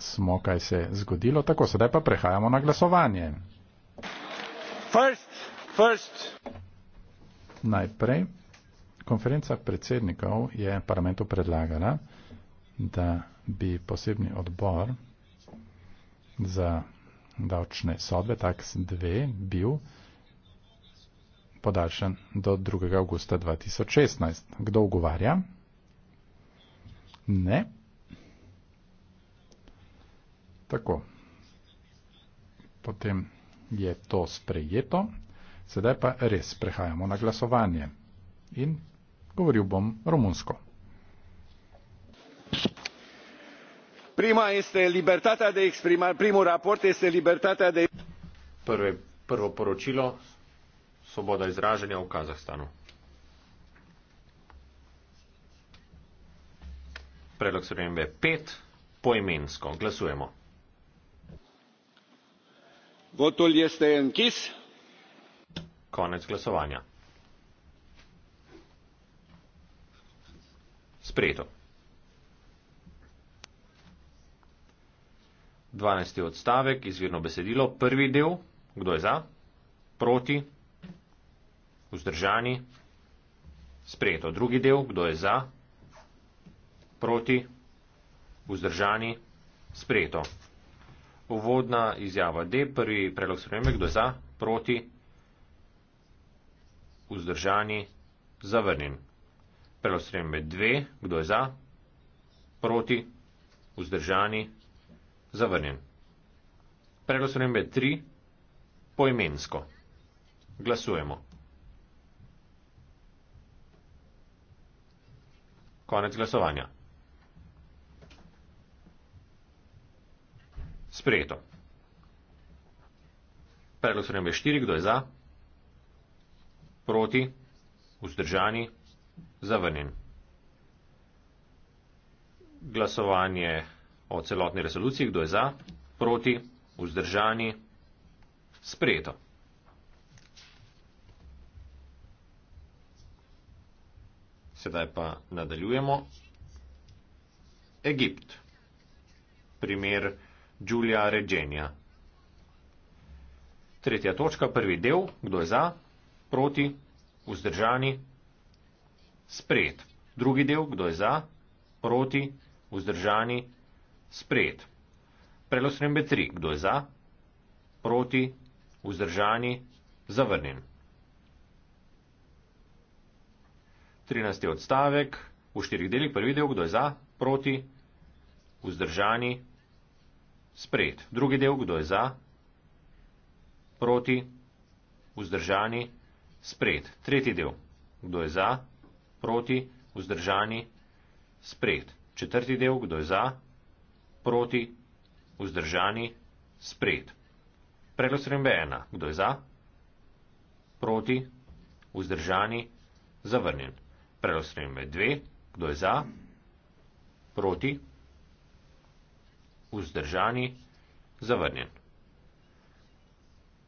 smo, kaj se je zgodilo. Tako, sedaj pa prehajamo na glasovanje. First, first. Najprej, konferenca predsednikov je parlamentu predlagala, da bi posebni odbor za davčne sodbe, tax 2, bil podaljšan do 2. augusta 2016. Kdo ugovarja? Ne. Tako. Potem je to sprejeto. Sedaj pa res prehajamo na glasovanje. In govoril bom romunsko. Prima este libertatea de exprimare. Primul raport este libertatea de... Prve, prvo poročilo, svoboda izražanja v Kazahstanu. Predlog se pet, poimensko, glasujemo. Votul este închis. Konec glasovanja. Sprejeto. 12. odstavek, izvirno besedilo, prvi del, kdo je za, proti, vzdržani, sprejeto. Drugi del, kdo je za, proti, vzdržani, sprejeto. Uvodna izjava D, prvi predlog spremembe, kdo za, proti, vzdržani, zavrnjen. Predlog spremembe 2, kdo je za, proti, vzdržani, zavrnjen. Predlog spremembe 3, poimensko. Glasujemo. Konec glasovanja. Sprejeto. Predlog se nam je štiri, kdo je za, proti, vzdržani, zavrnjen. Glasovanje o celotni resoluciji, kdo je za, proti, vzdržani, sprejeto. Sedaj pa nadaljujemo. Egipt. Primer. Giulia Regenia. Tretja točka, prvi del, kdo je za, proti, vzdržani, sprejet. Drugi del, kdo je za, proti, vzdržani, sprejet. Predlog spremembe 3, kdo je za, proti, vzdržani, zavrnjen. 13. odstavek, v štirih delih prvi del, kdo je za, proti, vzdržani, sprejet. Sprejet. Drugi del, kdo je za? Proti. Vzdržani. Sprejet. Tretji del, kdo je za? Proti. Vzdržani. Sprejet. Četrti del, kdo je za? Proti. Vzdržani. Sprejet. Predlog srembe ena. Kdo je za? Proti. Vzdržani. Zavrnjen. Predlog srembe dve. Kdo je za? Proti vzdržani, zavrnjen.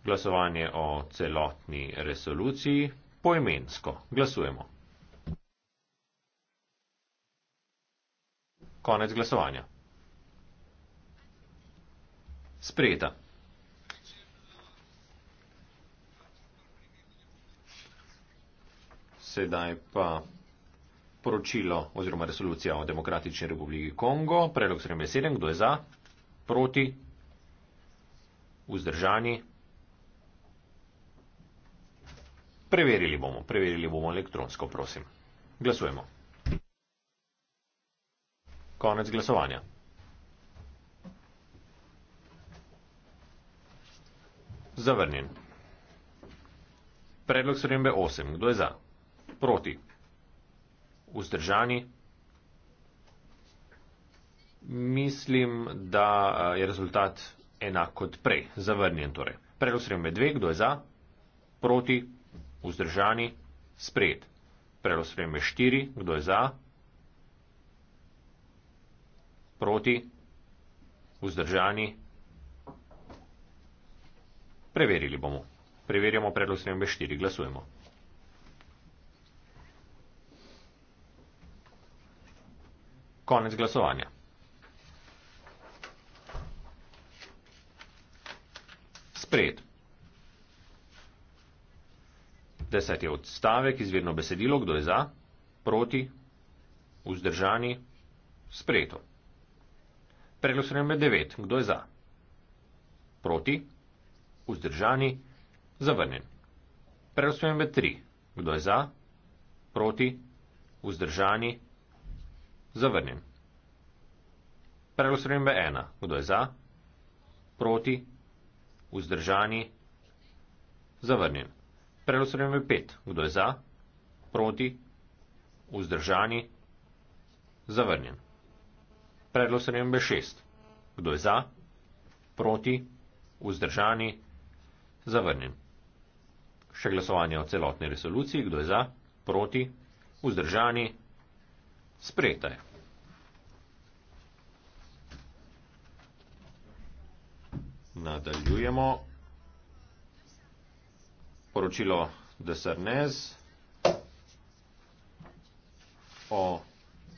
Glasovanje o celotni resoluciji poimensko glasujemo. Konec glasovanja. Sprejeta. Sedaj pa poročilo oziroma resolucija o Demokratični republiki Kongo. Predlog 37, kdo je za, proti, vzdržani. Preverili bomo, preverili bomo elektronsko, prosim. Glasujemo. Konec glasovanja. Zavrnjen. Predlog sprembe 8. Kdo je za? Proti vzdržani. Mislim, da eh, je rezultat enak kot prej. Zavrnjen torej. Predlog sprememb je dve, kdo je za, proti, vzdržani, sprejet. Predlog sprememb je štiri, kdo je za, proti, vzdržani, preverili bomo. Preverjamo predlog sprememb je štiri, glasujemo. Konec glasovanja. Sprejet. Deseti odstavek, izvirno besedilo, kdo je za, proti, vzdržani, sprejeto. Predlog sprememba 9, kdo je za, proti, vzdržani, zavrnjen. Predlog sprememba 3, kdo je za, proti, vzdržani, zavrnjen. Zavrnjen. Predlog spremembe ena. Kdo je za? Proti? Vzdržani? Zavrnjen. Predlog spremembe pet. Kdo je za? Proti? Vzdržani? Zavrnjen. Predlog spremembe šest. Kdo je za? Proti? Vzdržani? Zavrnjen. Še glasovanje o celotni resoluciji. Kdo je za? Proti? Vzdržani? Zavrnjen sprejeta je. Nadaljujemo. Poročilo Desernez o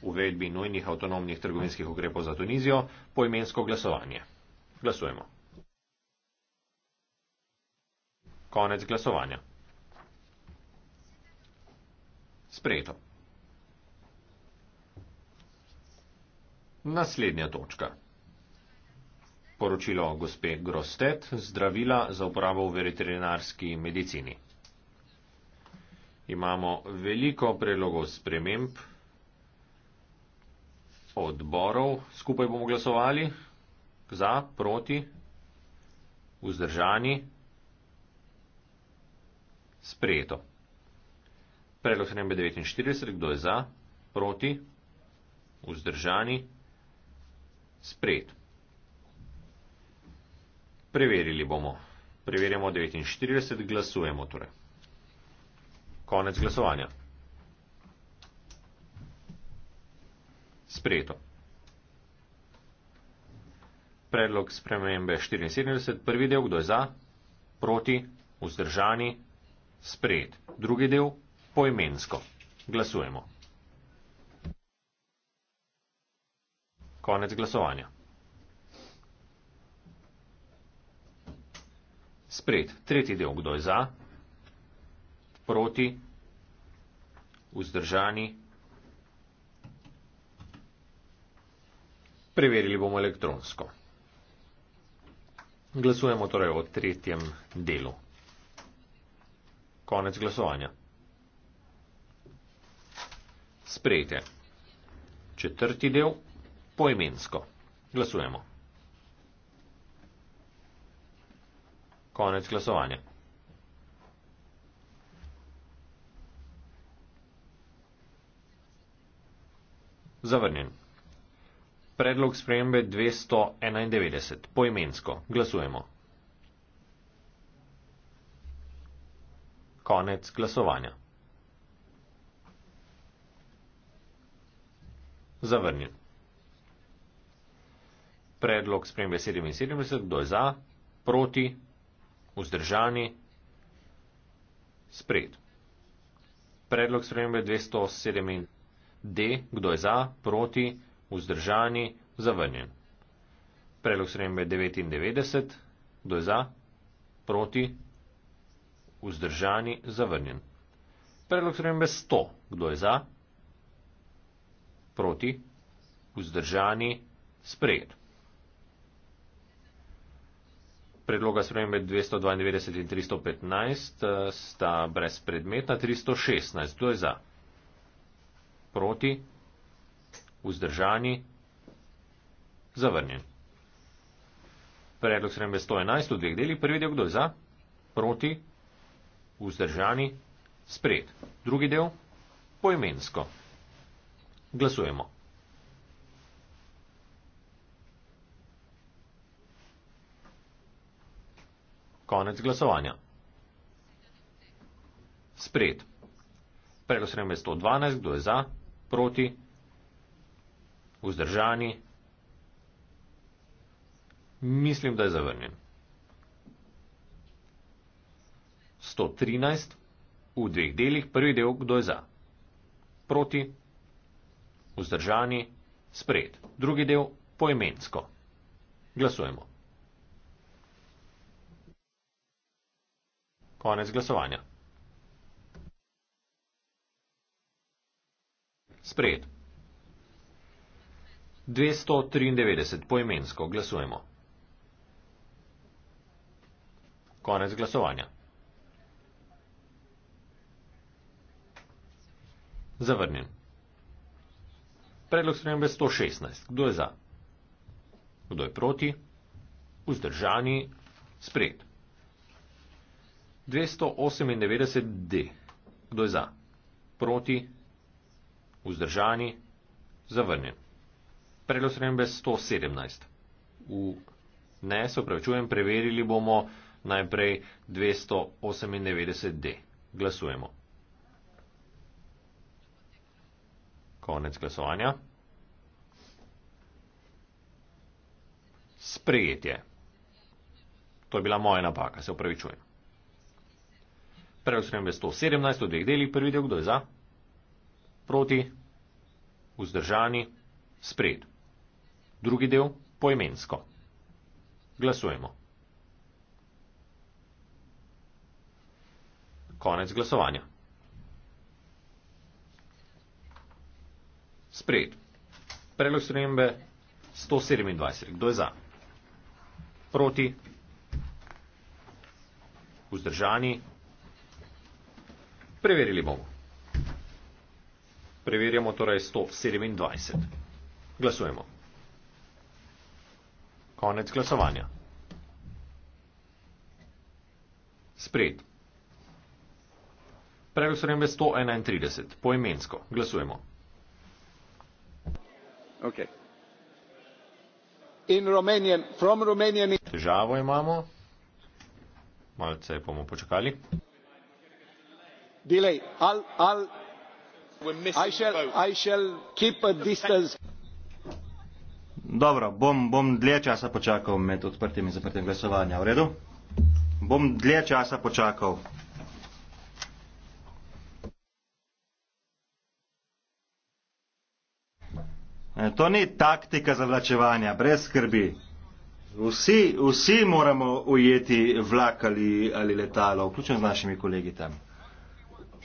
uvedbi nujnih avtonomnih trgovinskih ukrepov za Tunizijo po imensko glasovanje. Glasujemo. Konec glasovanja. Sprejeto. Naslednja točka. Poročilo gospe Grostet, zdravila za uporabo v veterinarski medicini. Imamo veliko predlogov sprememb odborov, skupaj bomo glasovali za, proti, vzdržani, sprejeto. Predlog 749, kdo je za, proti, vzdržani, sprejeto sprejet. Preverili bomo. Preverjamo 49, glasujemo torej. Konec glasovanja. Sprejeto. Predlog spremembe 74, prvi del, kdo je za, proti, vzdržani, sprejet. Drugi del, poimensko. Glasujemo. Konec glasovanja. Spred, tretji del, kdo je za, proti, vzdržani. Preverili bomo elektronsko. Glasujemo torej o tretjem delu. Konec glasovanja. Sprejte. Četrti del poimensko. Glasujemo. Konec glasovanja. Zavrnjen. Predlog spremembe 291. Poimensko. Glasujemo. Konec glasovanja. Zavrnjen predlog spremembe 77, kdo je za, proti, vzdržani, spred. Predlog spremembe 207d, kdo je za, proti, vzdržani, zavrnjen. Predlog spremembe 99, kdo je za, proti, vzdržani, zavrnjen. Predlog spremembe 100, kdo je za, proti, vzdržani, spred predloga spremembe 292 in 315 eh, sta brezpredmetna. 316, kdo je za? Proti? Vzdržani? Zavrnjen. Predlog spremembe 111 v dveh delih. Prvi del, kdo je za? Proti? Vzdržani? Spred. Drugi del? Poimensko. Glasujemo. Konec glasovanja. Spred. Predlog sprejem je 112, kdo je za, proti, vzdržani. Mislim, da je zavrnjen. 113 v dveh delih, prvi del, kdo je za, proti, vzdržani, spred, drugi del, poimensko. Glasujemo. Konec glasovanja. Sprejet. 293 poimensko glasujemo. Konec glasovanja. Zavrnjen. Predlog spremembe 116. Kdo je za? Kdo je proti? Vzdržani? Sprejet. 298D. Kdo je za? Proti? Vzdržani? Zavrnjen. Predlog spremembe 117. V ne, se upravičujem, preverili bomo najprej 298D. Glasujemo. Konec glasovanja. Sprejetje. To je bila moja napaka, se upravičujem. Preostrem je 117 v dveh delih, prvi del, kdo je za, proti, vzdržani, spred. Drugi del, poimensko. Glasujemo. Konec glasovanja. Spred. Predlog spremembe 127. Kdo je za? Proti. Vzdržani. Preverili bomo. Preverjamo torej 127. Glasujemo. Konec glasovanja. Spred. Predlog so rembe 131. Poimensko. Glasujemo. Ok. In Romanian, from Romanian... Težavo imamo. Malce bomo počakali delay. i shall keep a distance. Dobro, bom, bom dlje časa počakal med odprtim in zaprtim glasovanjem. V redu? Bom dlje časa počakal. E, to ni taktika zavlačevanja, brez skrbi. Vsi, vsi moramo ujeti vlak ali, ali letalo, vključno z našimi kolegi tam.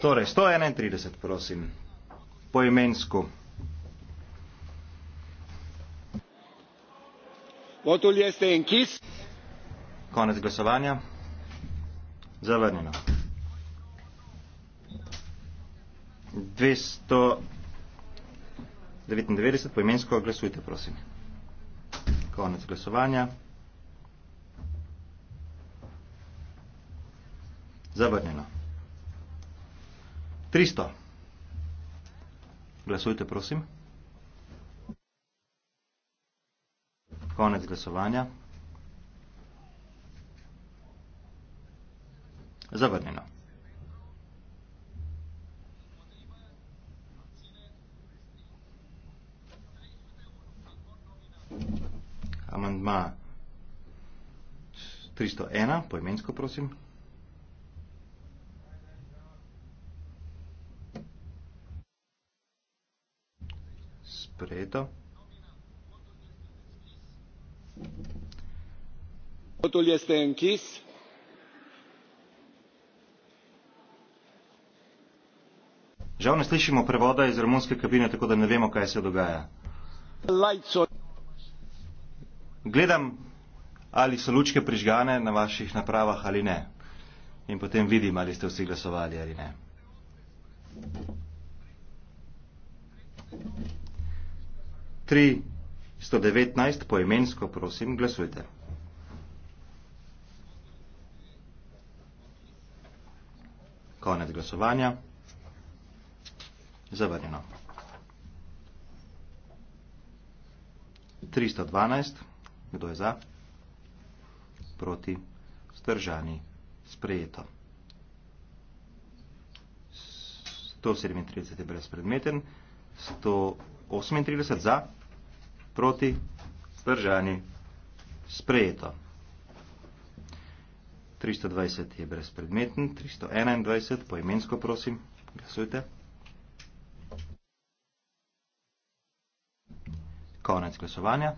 Torej, 131, prosim, po imensku. Votul este închis. Konec glasovanja. Zavrnjeno. 299, po imensko glasujte, prosim. Konec glasovanja. Zavrnjeno. 300. Glasujte, prosim. Konec glasovanja. Zavrnjeno. Amandma 301, poimensko prosim. preda. Votul este închis. Žal ne slišimo prevoda iz romunske kabine, tako da ne vemo, kaj se dogaja. Gledam, ali so lučke prižgane na vaših napravah ali ne. In potem vidim, ali ste vsi glasovali ali ne. Thank you. tri, sto devetnajst, poimensko prosim, glasujte. Konec glasovanja. Zavrnjeno. 312. Kdo je za? Proti. Zdržani. Sprejeto. 137 je brezpredmeten. 138 za proti, zdržani, sprejeto. 320 je brezpredmeten, 321 poimensko prosim, glasujte. Konec glasovanja.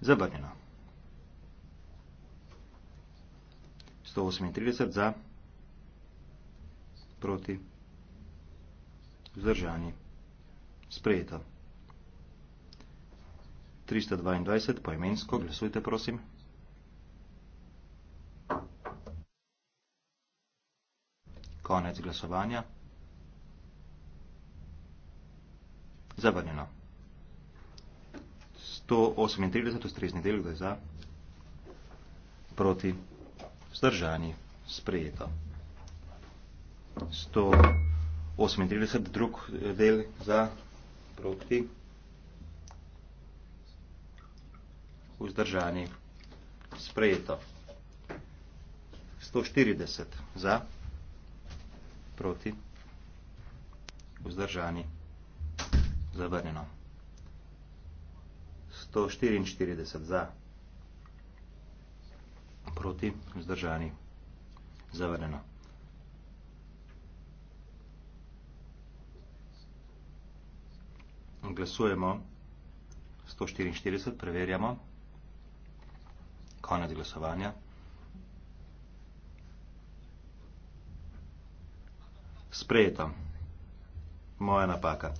Zabrnjeno. 138 za, proti, vzdržani. Sprejeto. 322, poimensko, glasujte prosim. Konec glasovanja. Zavrnjeno. 138, ustrezni del, kdo je za? Proti. Zdržani. Sprejeto. 100. 38, drug eh, del za prokti vzdržani sprejeto. 140 za proti vzdržani zavrnjeno. 144 za proti vzdržani zavrnjeno. glasujemo 144, preverjamo. Konec glasovanja. Sprejeto. Moja napaka.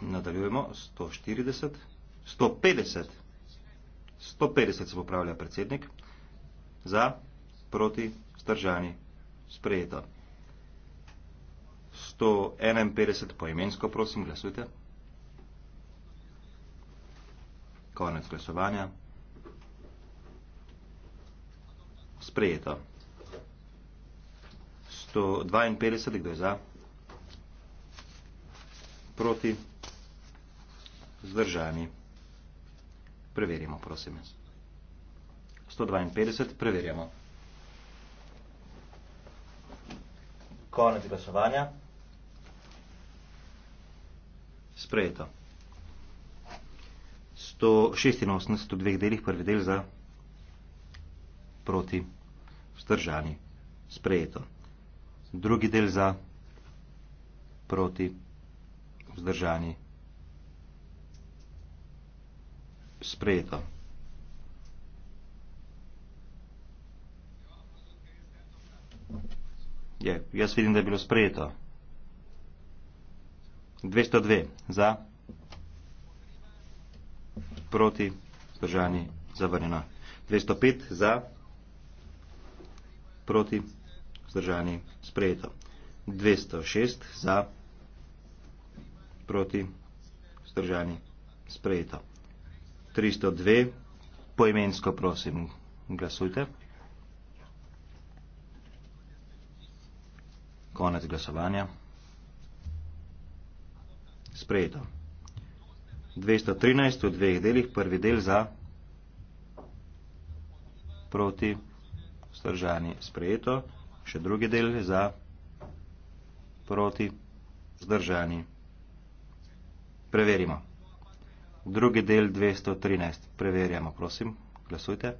Nadaljujemo 140, 150. 150 se popravlja predsednik, za, proti, stržani, sprejeto. 151 poimensko, prosim, glasujte. Konec glasovanja. Sprejeto. 152, kdo je za? Proti. Zdržani. Preverimo, prosim. 152, preverjamo. Konec glasovanja. Sprejeto. 186 v dveh delih, prvi del za proti vzdržani. Sprejeto. Drugi del za proti vzdržani. sprejeta. Je, jaz vidim, da je bilo sprejeto. 202 za, proti, zdržani, zavrnjena. 205 za, proti, zdržani, sprejeto. 206 za, proti, zdržani, sprejeto. 302, poimensko prosim, glasujte. Konec glasovanja. Sprejeto. 213 v dveh delih, prvi del za, proti, zdržani, sprejeto, še drugi del za, proti, zdržani. Preverimo drugi del 213. Preverjamo, prosim. Glasujte.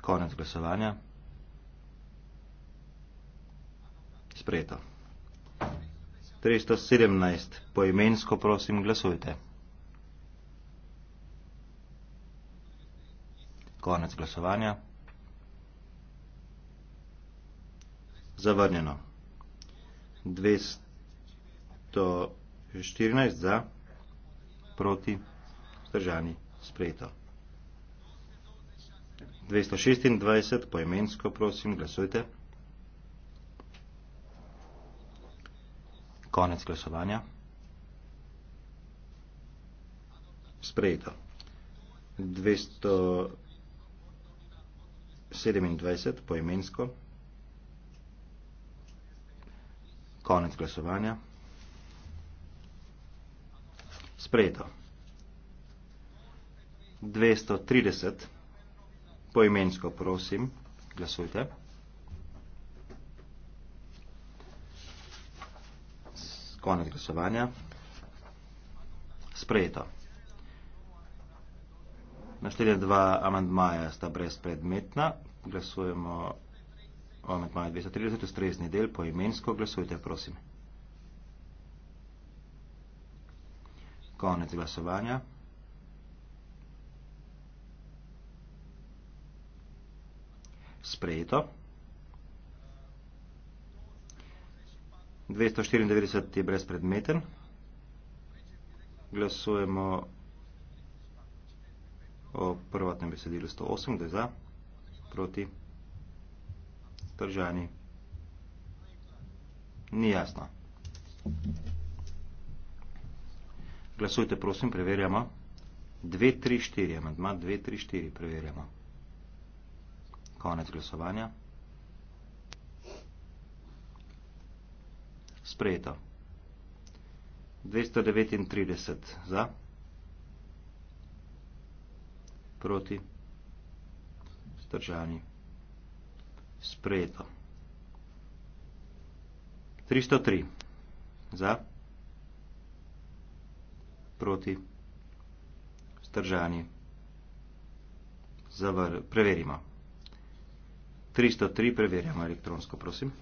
Konec glasovanja. Sprejeto. 317. Poimensko, prosim, glasujte. Konec glasovanja. Zavrnjeno. 213. 14 za, proti, zdržani, sprejeto. 226, poimensko, prosim, glasujte. Konec glasovanja. Sprejeto. 227, poimensko. Konec glasovanja sprejeto. 230, poimensko prosim, glasujte. Konec glasovanja. Sprejeto. Naštelje dva amandmaja sta brezpredmetna. Glasujemo o amandmaju 230, ustrezni del, poimensko glasujte, prosim. Konec glasovanja. Sprejeto. 294 je brezpredmeten. Glasujemo o prvotnem besedilu 108, kdo je za, proti, držani. Ni jasno. Thank you. Glasujte, prosim, preverjamo. 2, 3, 4, amantma 2, 3, 4, preverjamo. Konec glasovanja. Sprejeto. 239 za. Proti. Zdržani. Sprejeto. 303 za. Sprejeto proti, stržani, zavr, preverimo. 303 preverjamo elektronsko, prosim.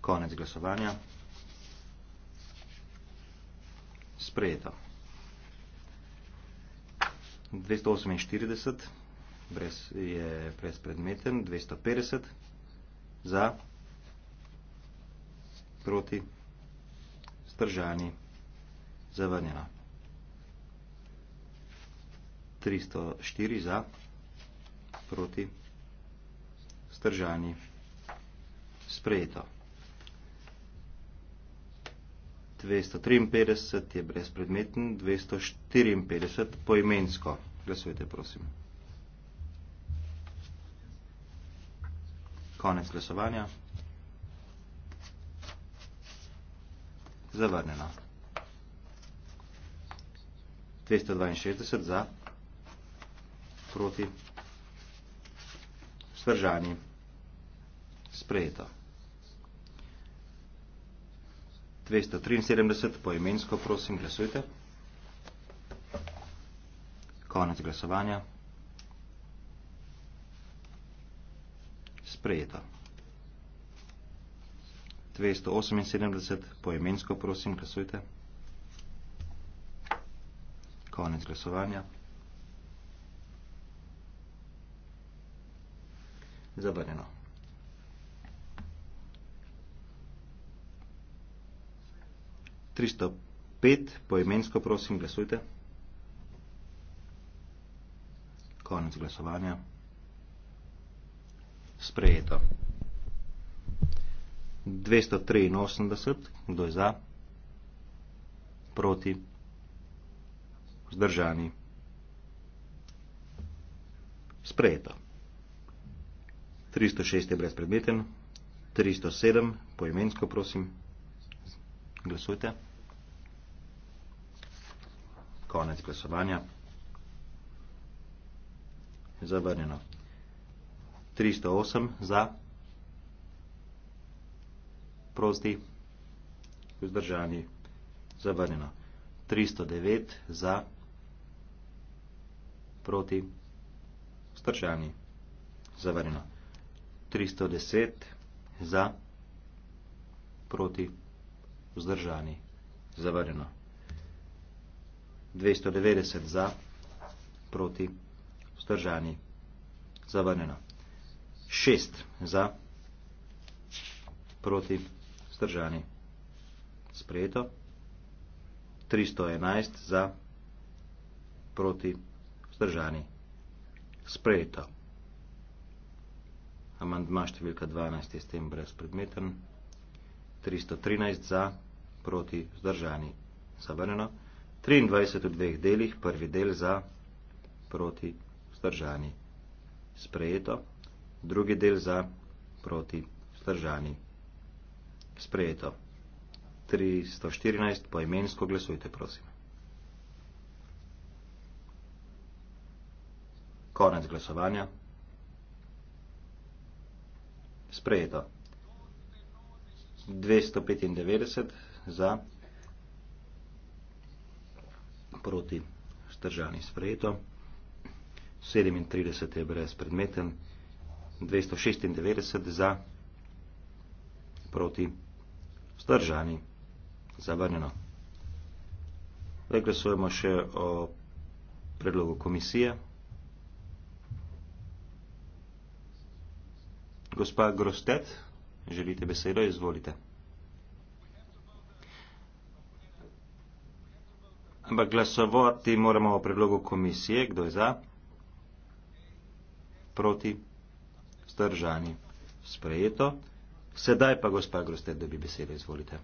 Konec glasovanja. Sprejeto. 248 brez, je brez predmeten, 250 za, proti, pržani, zavrnjena. 304 za, proti, stržani, sprejeto. 253 je brezpredmeten, 254 poimensko. Glasujte, prosim. Konec glasovanja. zavrnjeno. 262 za, proti, vzdržani, sprejeto. 273 poimensko, prosim, glasujte. Konec glasovanja. Sprejeto. 278, poimensko prosim, glasujte. Konec glasovanja. Zavrnjeno. Tristo pet, poimensko prosim, glasujte. Konec glasovanja. Sprejeto. 283, kdo je za, proti, zdržani. Sprejeto. 306 je brezpredmeten, 307, poimensko prosim, glasujte. Konec glasovanja. Zavrnjeno. 308 za proti, vzdržani, zavrnjeno. 309 za, proti, vzdržani, zavrnjeno. 310 za, proti, vzdržani, zavrnjeno. 290 za, proti, vzdržani, zavrnjeno. 6 za, proti, vzdržani, zavrnjeno. Zdržani. Sprejeto. 311 za. Proti. Zdržani. Sprejeto. Amandma številka 12 je s tem brezpredmeten. 313 za. Proti. Zdržani. Zavrneno. 23 v dveh delih. Prvi del za. Proti. Zdržani. Sprejeto. Drugi del za. Proti. Zdržani. Zdržani. Sprejeto. 314, poimensko glasujte, prosim. Konec glasovanja. Sprejeto. 295 za, proti stržani sprejeto, 37 je brezpredmeten, 296 za, proti stržani sprejeto zdržani, zabranjeno. Zdaj glasujemo še o predlogu komisije. Gospa Grostet, želite besedo, izvolite. Ampak glasovati moramo o predlogu komisije. Kdo je za? Proti? Zdržani. Sprejeto. Sedaj pa gospa Groste dobi besedo, izvolite.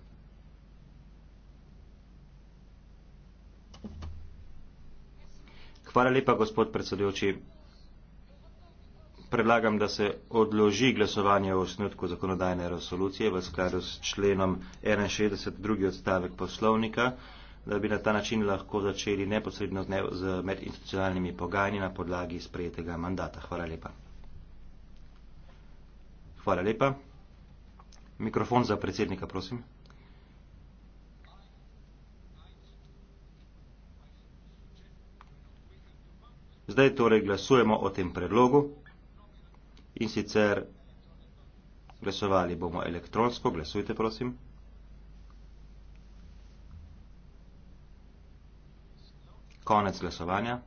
Hvala lepa, gospod predsedujoči. Predlagam, da se odloži glasovanje o osnutku zakonodajne resolucije v skladu s členom 61. drugi odstavek poslovnika, da bi na ta način lahko začeli neposredno z medinstitucionalnimi pogajanji na podlagi sprejetega mandata. Hvala lepa. Hvala lepa. Mikrofon za predsednika, prosim. Zdaj torej glasujemo o tem predlogu in sicer glasovali bomo elektronsko, glasujte prosim. Konec glasovanja.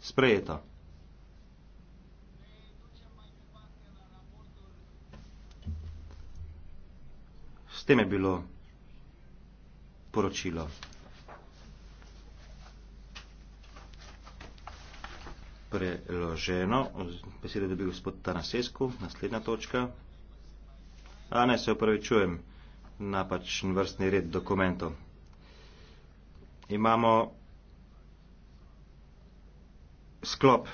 Sprejeto. tem je bilo poročilo. Preloženo, besede dobil gospod Tanasesku, naslednja točka. A ne, se opravičujem, napačen vrstni red dokumentov. Imamo sklop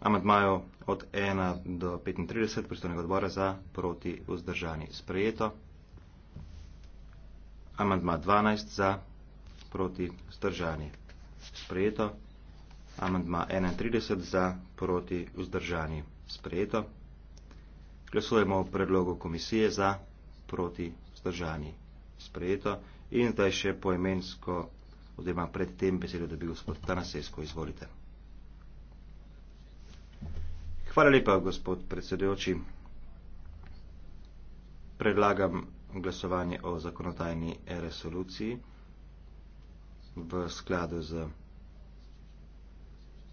amadmajo od 1 do 35 pristojnega odbora za proti vzdržani. Sprejeto. Amandma 12 za, proti vzdržani. Sprejeto. Amandma 31 za, proti vzdržani. Sprejeto. Glasujemo o predlogu komisije za, proti vzdržani. Sprejeto. In zdaj še poemensko, odjema pred tem besedo, da bi gospod Tanasesko izvolite. Hvala lepa, gospod predsedujoči. Predlagam glasovanje o zakonodajni resoluciji v skladu z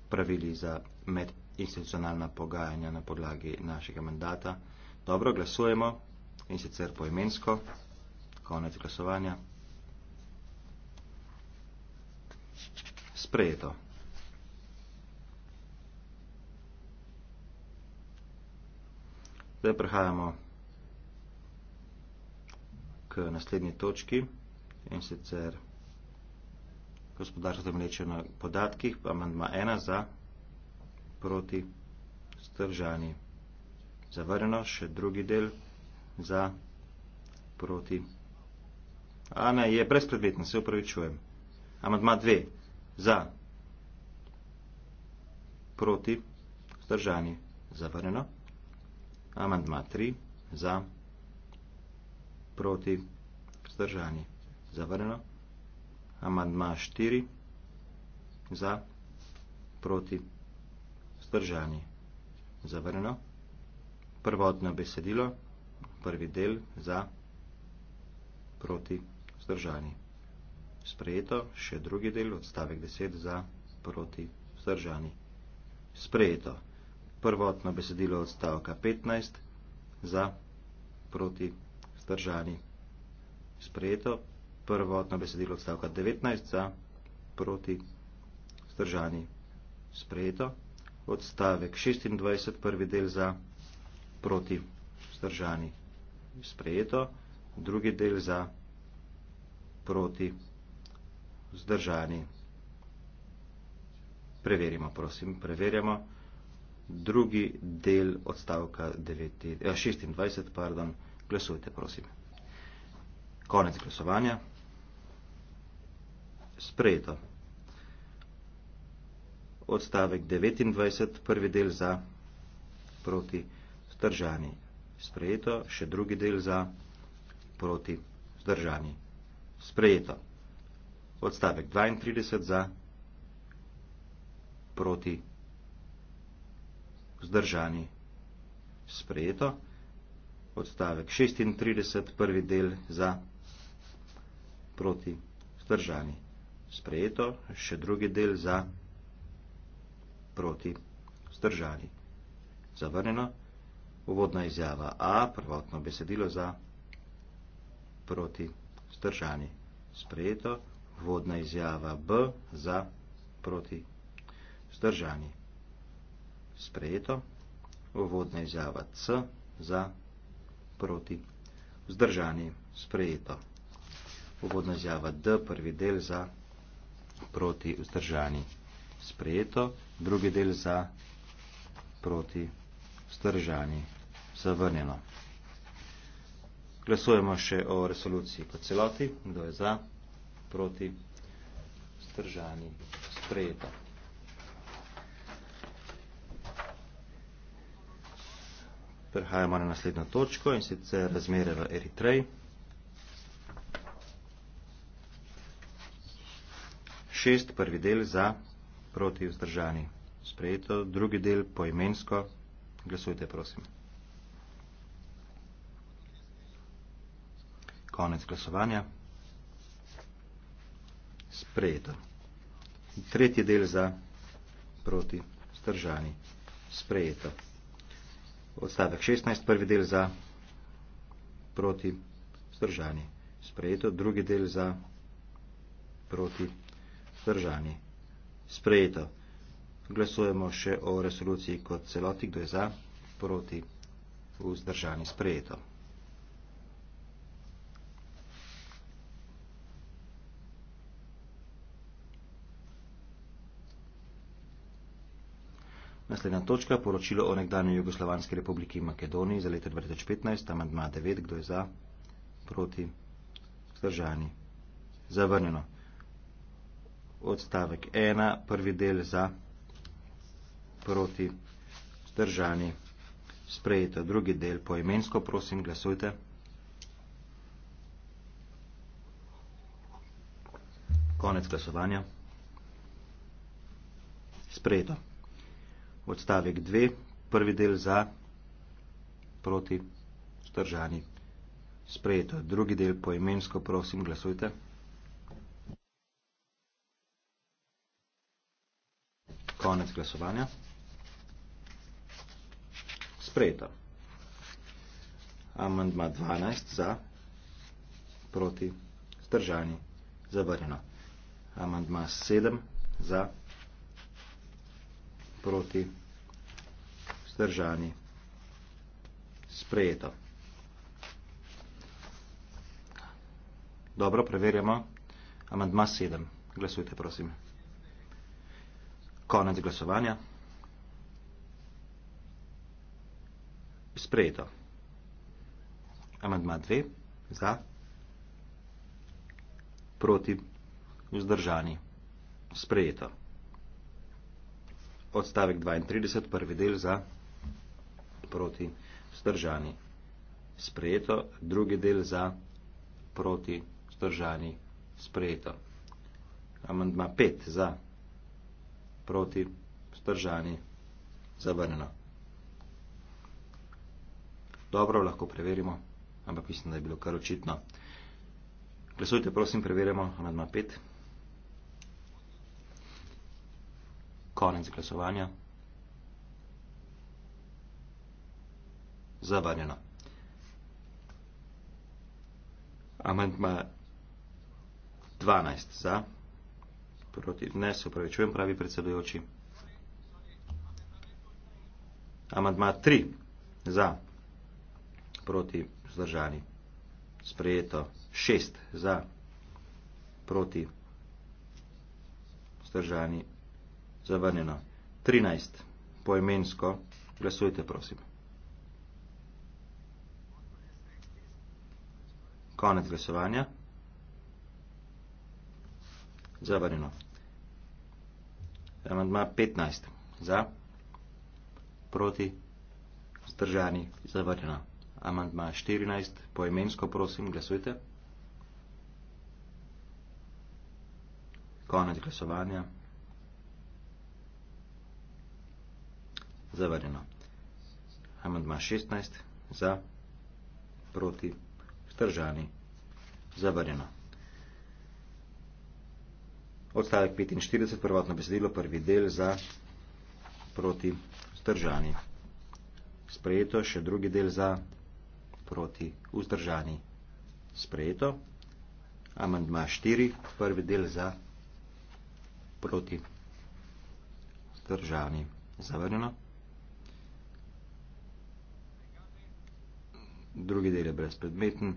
pravili za medinstitucionalna pogajanja na podlagi našega mandata. Dobro, glasujemo in sicer poimensko. Konec glasovanja. Sprejeto. Zdaj prehajamo naslednji točki in sicer gospodarstvo temelječe na podatkih, amandma ena za, proti, stržani, zavrjeno, še drugi del za, proti. A ne, je brezpredmetno, se upravičujem. Amandma dve, za, proti, stržani, zavrjeno. Amandma tri, za, proti proti vzdržani. Zavrneno. Amandma 4 za proti vzdržani. Zavrneno. Prvotno besedilo, prvi del za proti vzdržani. Sprejeto, še drugi del, odstavek 10 za proti vzdržani. Sprejeto. Prvotno besedilo odstavka 15 za proti vzdržani vzdržani. Sprejeto prvotno besedilo odstavka 19 za, proti vzdržani. Sprejeto odstavek 26, prvi del za, proti vzdržani. Sprejeto drugi del za, proti vzdržani. Preverimo, prosim, preverjamo. Drugi del odstavka 26, eh, pardon, 26. Glasujte, prosim. Konec glasovanja. Sprejeto. Odstavek 29, prvi del za, proti zdržani. Sprejeto, še drugi del za, proti zdržani. Sprejeto. Odstavek 32 za, proti zdržani. Sprejeto odstavek 36, prvi del za proti vzdržani. Sprejeto, še drugi del za proti vzdržani. Zavrnjeno, uvodna izjava A, prvotno besedilo za proti vzdržani. Sprejeto, uvodna izjava B za proti vzdržani. Sprejeto, uvodna izjava C za proti vzdržani proti vzdržanje sprejeto. Uvodna izjava D, prvi del za proti vzdržanje sprejeto, drugi del za proti vzdržanje zavrnjeno. Glasujemo še o resoluciji po celoti, kdo je za, proti, vzdržani, sprejeto. Prehajamo na naslednjo točko in sicer razmere v Eritreji. Šest prvi del za proti vzdržani. Sprejeto drugi del poimensko. Glasujte, prosim. Konec glasovanja. Sprejeto. Tretji del za proti vzdržani. Sprejeto odstavek 16, prvi del za proti zdržani sprejeto, drugi del za proti zdržani sprejeto. Glasujemo še o resoluciji kot celoti, kdo je za proti vzdržani sprejeto. Naslednja točka je poročilo o nekdanji Jugoslovanski republiki Makedoniji za leto 2015, amandma 9, kdo je za, proti, vzdržani, zavrnjeno. Odstavek 1, prvi del za, proti, vzdržani, sprejeto. Drugi del poimensko, prosim, glasujte. Konec glasovanja. Sprejeto odstavek 2, prvi del za, proti, stržani, sprejeto. Drugi del poimensko, prosim, glasujte. Konec glasovanja. Sprejeto. Amandma 12 za, proti, stržani, zavrjeno. Amandma 7 za, proti, stržani proti stržani. Sprejeto. Dobro, preverjamo. Amandma 7. Glasujte, prosim. Konec glasovanja. Sprejeto. Amandma 2. Za. Proti. Vzdržani. Sprejeto odstavek 32, prvi del za proti vzdržani. Sprejeto, drugi del za proti vzdržani. Sprejeto. Amandma 5 za proti vzdržani. Zavrnjeno. Dobro, lahko preverimo, ampak mislim, da je bilo kar očitno. Glasujte, prosim, preverjamo amandma 5. Konec glasovanja. Zavarjeno. Amantma 12 za, proti ne, se upravičujem, pravi predsedujoči. Amantma 3 za, proti zdržani. Sprejeto 6 za, proti zdržani zavrnjeno. 13. Poimensko. Glasujte, prosim. Konec glasovanja. Zavrnjeno. Amandma 15. Za. Proti. Zdržani. Zavrnjeno. Amandma 14. Poimensko, prosim. Glasujte. Konec glasovanja. Konec glasovanja. zavrnjeno. Amandma 16 za, proti, vzdržani, zavrnjeno. Odstavek 45, prvotno besedilo, prvi del za, proti, vzdržani. Sprejeto, še drugi del za, proti, vzdržani. Sprejeto. Amandma 4, prvi del za, proti, vzdržani, zavrnjeno. drugi del je brezpredmeten,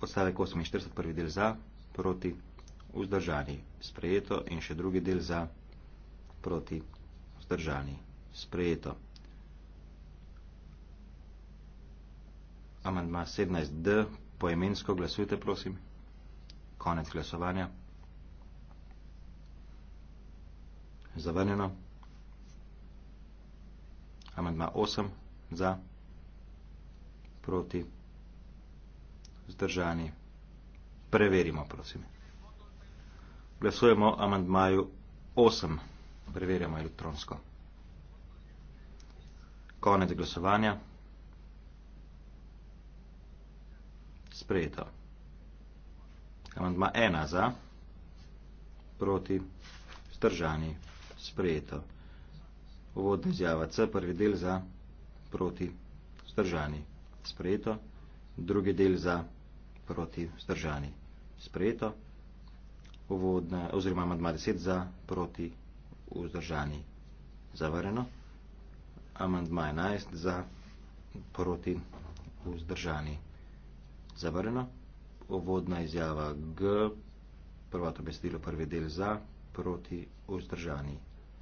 odstavek 48, prvi del za, proti, vzdržani, sprejeto in še drugi del za, proti, vzdržani, sprejeto. Amandma 17d, poemensko glasujte, prosim. Konec glasovanja. Zavrnjeno. Amandma 8, za proti zdržani. Preverimo, prosim. Glasujemo o amandmaju 8. Preverjamo elektronsko. Konec glasovanja. Sprejeto. Amandma 1 za, proti, zdržani, sprejeto. Uvodna izjava C, prvi del za, proti, zdržani, sprejeto sprejeto, drugi del za proti vzdržani sprejeto, uvodna, oziroma amadma 10 za proti vzdržani zavareno, amadma 11 za proti vzdržani zavareno, uvodna izjava G, prva to besedilo, prvi del za proti vzdržani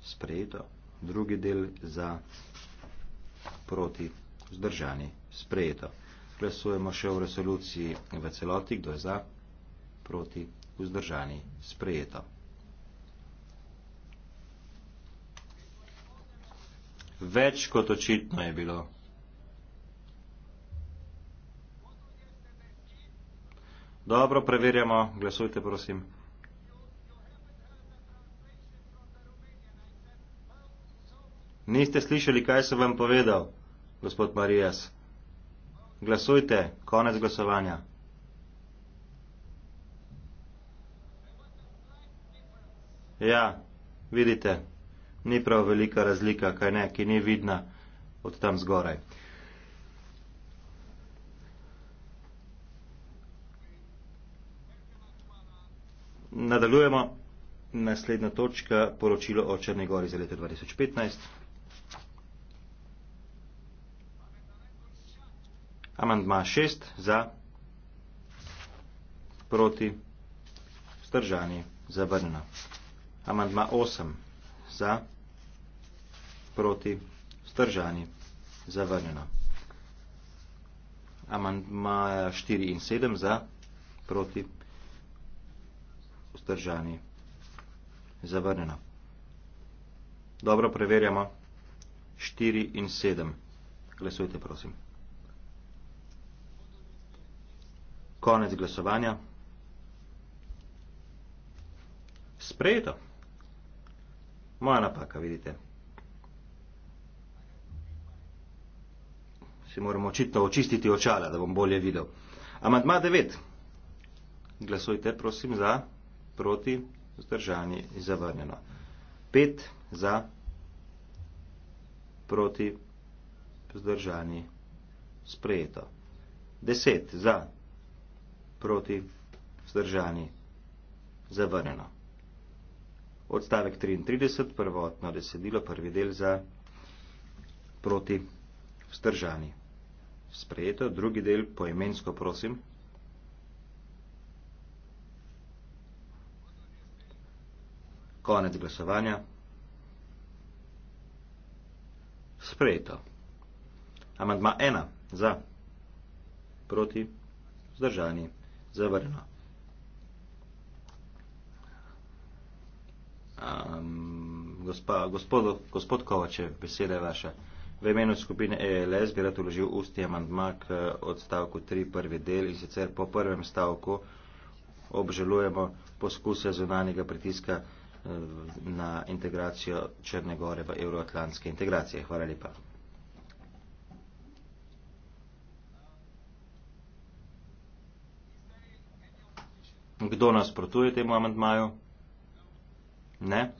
sprejeto, drugi del za proti vzdržani zavareno sprejeto. Glasujemo še v resoluciji v celoti, kdo je za, proti, vzdržani, sprejeto. Več kot očitno je bilo. Dobro, preverjamo. Glasujte, prosim. Niste slišali, kaj sem vam povedal, gospod Marijas. Glasujte, konec glasovanja. Ja, vidite, ni prav velika razlika, kaj ne, ki ni vidna od tam zgoraj. Nadaljujemo. Naslednja točka, poročilo o Črni gori za leto 2015. Amandma šest za, proti, vzdržani, zavrnjeno. Amandma osem za, proti, vzdržani, zavrnjeno. Amandma štiri in sedem za, proti, vzdržani, zavrnjeno. Dobro preverjamo. Štiri in sedem. Glasujte, prosim. Konec glasovanja. Sprejeto. Moja napaka, vidite. Si moramo očitno očistiti očala, da bom bolje videl. Amadma 9. Glasujte, prosim, za, proti, zdržani, zavrnjeno. 5 za, proti, zdržani, sprejeto. 10 za, proti, vzdržani, zavrnjeno. Odstavek 33, prvotno besedilo, prvi del za proti, vzdržani. Sprejeto, drugi del poemensko prosim. Konec glasovanja. Sprejeto. Amandma 1 za proti vzdržanje zavrnjeno. Um, gospod, gospod Kovače, beseda je vaša. V imenu skupine ELS bi rad uložil ustni amandmak od stavku 3, prvi del in sicer po prvem stavku obžalujemo poskuse zunanjega pritiska eh, na integracijo Črne gore v euroatlantske integracije. Hvala lepa. Kdo nasprotuje temu amantmaju? Ne?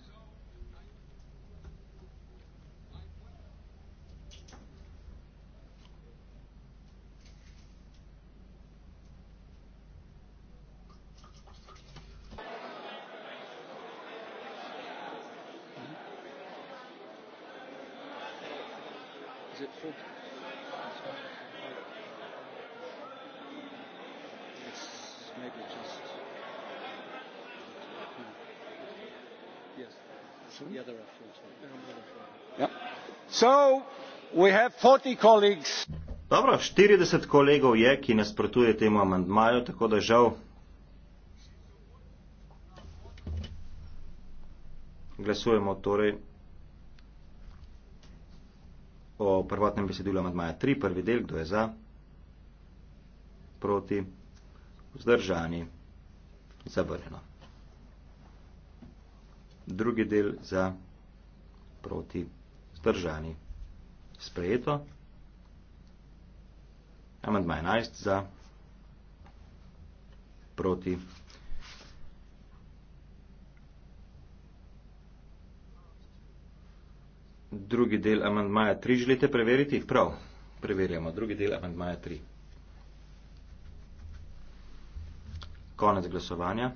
Maybe just... Dobro, 40 kolegov je, ki nasprotuje temu amandmaju, tako da žal. Glasujemo torej o prvotnem besedilu amandmaja 3, prvi del, kdo je za, proti, vzdržani, zavrnjeno drugi del za proti zdržani. Sprejeto. Amandma 11 za proti drugi del amandmaja 3. Želite preveriti? Prav, preverjamo. Drugi del amandmaja 3. Konec glasovanja.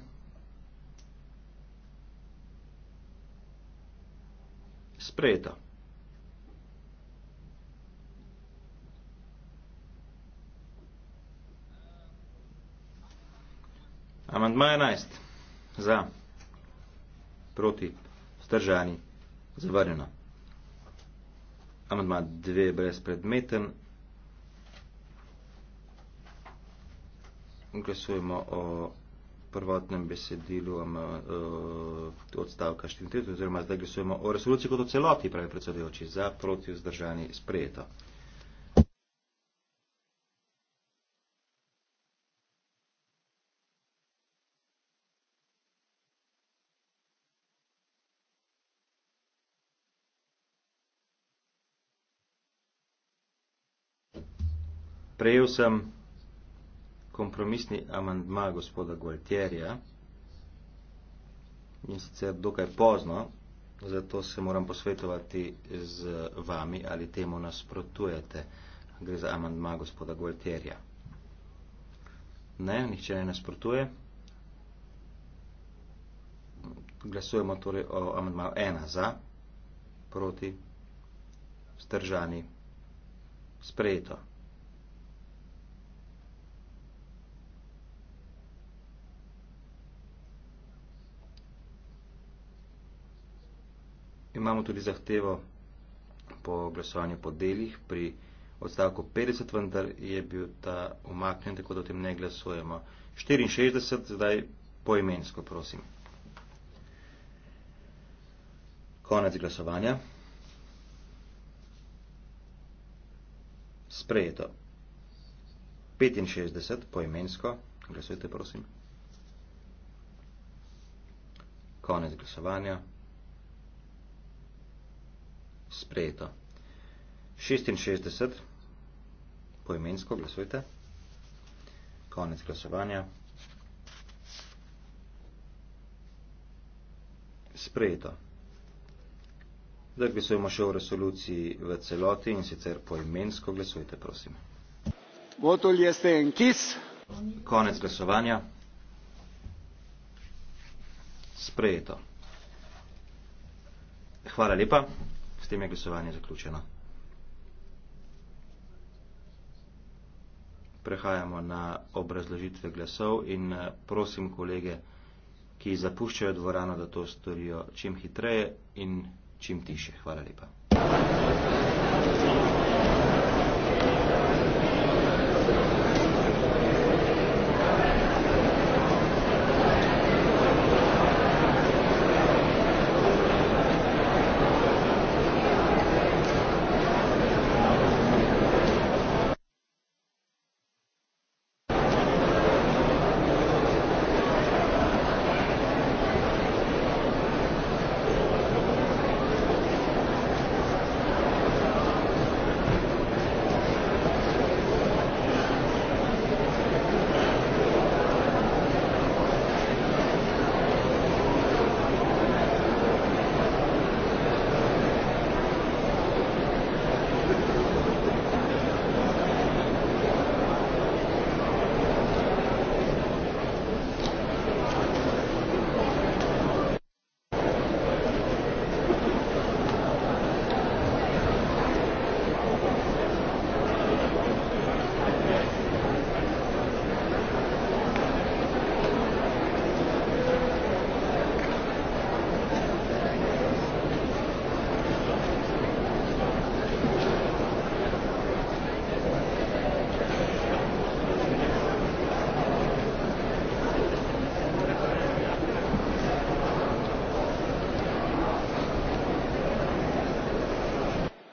sprejeta. Amandma 11. Za. Proti. Stržani. Zavarjena. Amandma 2. Brezpredmeten. Glasujemo o prvotnem besedilu eh, odstavka 34, oziroma zdaj glasujemo o resoluciji kot o celoti, pravi predsedujoči, za proti vzdržani sprejeto. Prejel sem kompromisni amandma gospoda Gualtierja in sicer dokaj pozno, zato se moram posvetovati z vami, ali temu nasprotujete. Gre za amandma gospoda Gualtierja. Ne, nihče ne nasprotuje. Glasujemo torej o amandmaju 1 za, proti, vzdržani, sprejeto. Imamo tudi zahtevo po glasovanju po delih pri odstavku 50, vendar je bil ta umaknjen, tako da o tem ne glasujemo. 64, zdaj poimensko, prosim. Konec glasovanja. Sprejeto. 65, poimensko, glasujte, prosim. Konec glasovanja sprejeto. 66, poimensko glasujte, konec glasovanja, sprejeto. Zdaj glasujemo še v resoluciji v celoti in sicer poimensko glasujte, prosim. Konec glasovanja, sprejeto. Hvala lepa tem je glasovanje zaključeno. Prehajamo na obrazložitve glasov in eh, prosim kolege, ki zapuščajo dvorano, da to storijo čim hitreje in čim tiše. Hvala lepa. Thank you.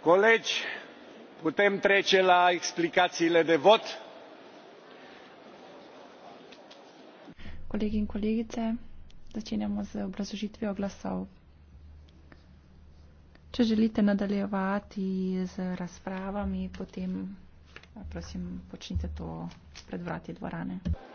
colegi putem trece la explicațiile de vot. colegi in colegice začenjamo z obrazložitvijo glasov. Če želite nadaljevati z razpravami, potem prosim počnite to pred vrati dvorane.